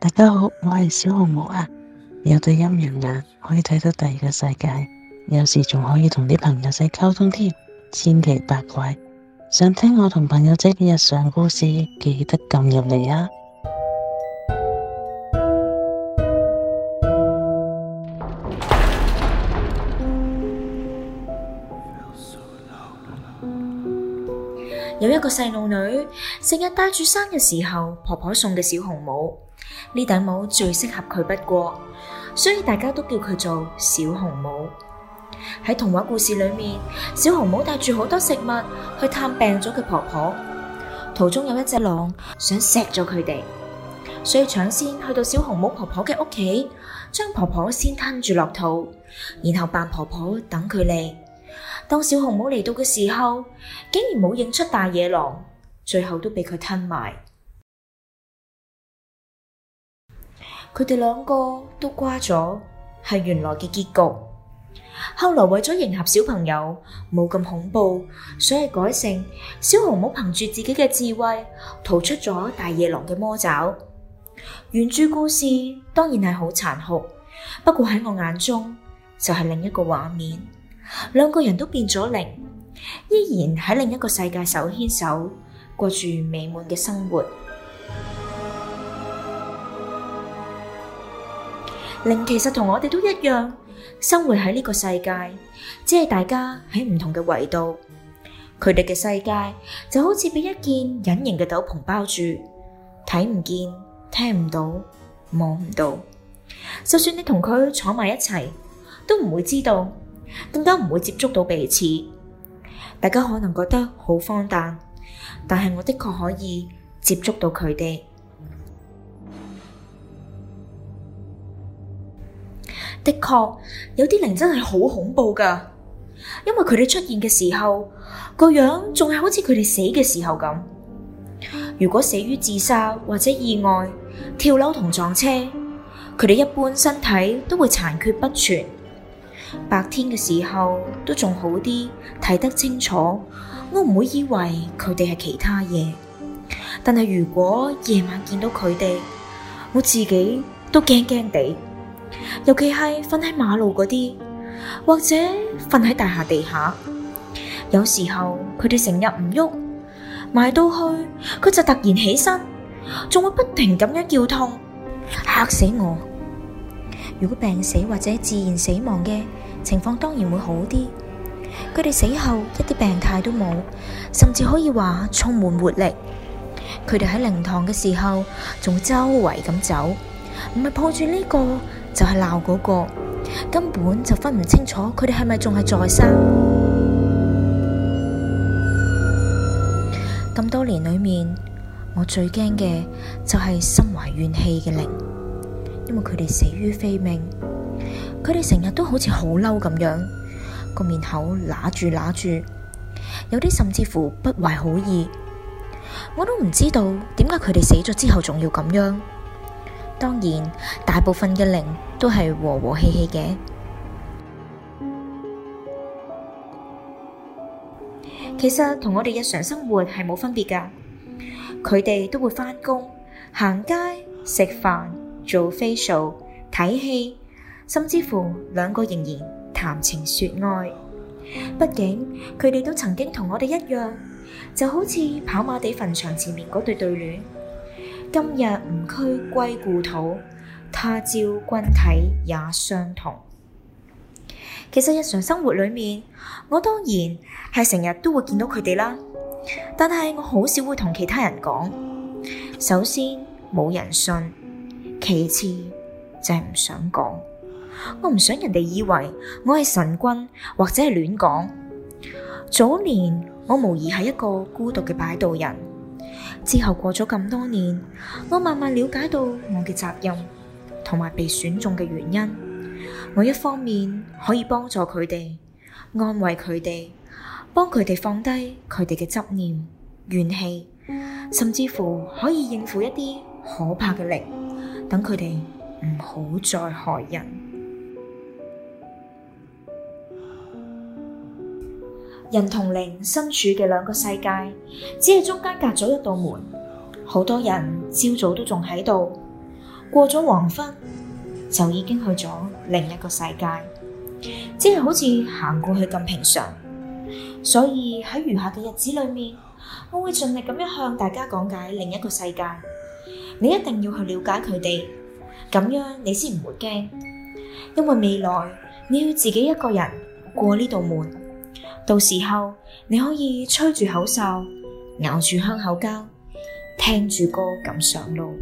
大家好，我係小紅帽啊，有對陰陽眼可以睇到第二個世界，有時仲可以同啲朋友仔溝通添，千奇百怪。想聽我同朋友仔嘅日常故事，記得撳入嚟啊！有一個細路女成日帶住生日時候婆婆送嘅小紅帽。呢頂帽最適合佢，不過，所以大家都叫佢做小紅帽。喺童話故事裏面，小紅帽帶住好多食物去探病咗嘅婆婆，途中有一隻狼想食咗佢哋，所以搶先去到小紅帽婆婆嘅屋企，將婆婆先吞住落肚，然後扮婆婆等佢嚟。當小紅帽嚟到嘅時候，竟然冇認出大野狼，最後都俾佢吞埋。佢哋兩個都瓜咗，係原來嘅結局。後來為咗迎合小朋友，冇咁恐怖，所以改成小紅帽憑住自己嘅智慧逃出咗大野狼嘅魔爪。原著故事當然係好殘酷，不過喺我眼中就係另一個畫面，兩個人都變咗靈，依然喺另一個世界手牽手過住美滿嘅生活。靈其實同我哋都一樣，生活喺呢個世界，只係大家喺唔同嘅維度，佢哋嘅世界就好似被一件隱形嘅斗篷包住，睇唔見，聽唔到，摸唔到。就算你同佢坐埋一齊，都唔會知道，更加唔會接觸到彼此。大家可能覺得好荒誕，但係我的確可以接觸到佢哋。的確，有啲靈真係好恐怖㗎，因為佢哋出現嘅時候，個樣仲係好似佢哋死嘅時候咁。如果死於自殺或者意外，跳樓同撞車，佢哋一般身體都會殘缺不全。白天嘅時候都仲好啲，睇得清楚，我唔會以為佢哋係其他嘢。但係如果夜晚見到佢哋，我自己都驚驚地。尤其係瞓喺馬路嗰啲，或者瞓喺大廈地下。有時候佢哋成日唔喐，埋到去佢就突然起身，仲會不停咁樣叫痛，嚇死我！如果病死或者自然死亡嘅情況，當然會好啲。佢哋死後一啲病態都冇，甚至可以話充滿活力。佢哋喺靈堂嘅時候，仲會周圍咁走，唔係抱住呢個，就係鬧嗰個，根本就分唔清楚佢哋係咪仲係在生。咁 多年裏面，我最驚嘅就係心懷怨氣嘅靈，因為佢哋死於非命，佢哋成日都好似好嬲咁樣，個面口乸住乸住，有啲甚至乎不懷好意，我都唔知道點解佢哋死咗之後仲要咁樣。當然，大部分嘅靈都係和和氣氣嘅。其實同我哋日常生活係冇分別㗎。佢哋都會返工、行街、食飯、做 facial、睇戲，甚至乎兩個仍然談情說愛。畢竟佢哋都曾經同我哋一樣，就好似跑馬地墳場前面嗰對對聯。今日吾軀歸故土，他朝君體也相同。其實日常生活裏面，我當然係成日都會見到佢哋啦，但係我好少會同其他人講。首先冇人信，其次就係唔想講。我唔想人哋以為我係神棍或者係亂講。早年我無疑係一個孤獨嘅擺渡人。之後過咗咁多年，我慢慢了解到我嘅責任同埋被選中嘅原因。我一方面可以幫助佢哋，安慰佢哋，幫佢哋放低佢哋嘅執念、怨氣，甚至乎可以應付一啲可怕嘅靈，等佢哋唔好再害人。人同靈身處嘅兩個世界，只係中間隔咗一道門。好多人朝早都仲喺度，過咗黃昏就已經去咗另一個世界，只係好似行過去咁平常。所以喺餘下嘅日子裏面，我會盡力咁樣向大家講解另一個世界。你一定要去了解佢哋，咁樣你先唔會驚，因為未來你要自己一個人過呢道門。到時候你可以吹住口哨，咬住香口膠，聽住歌咁上路。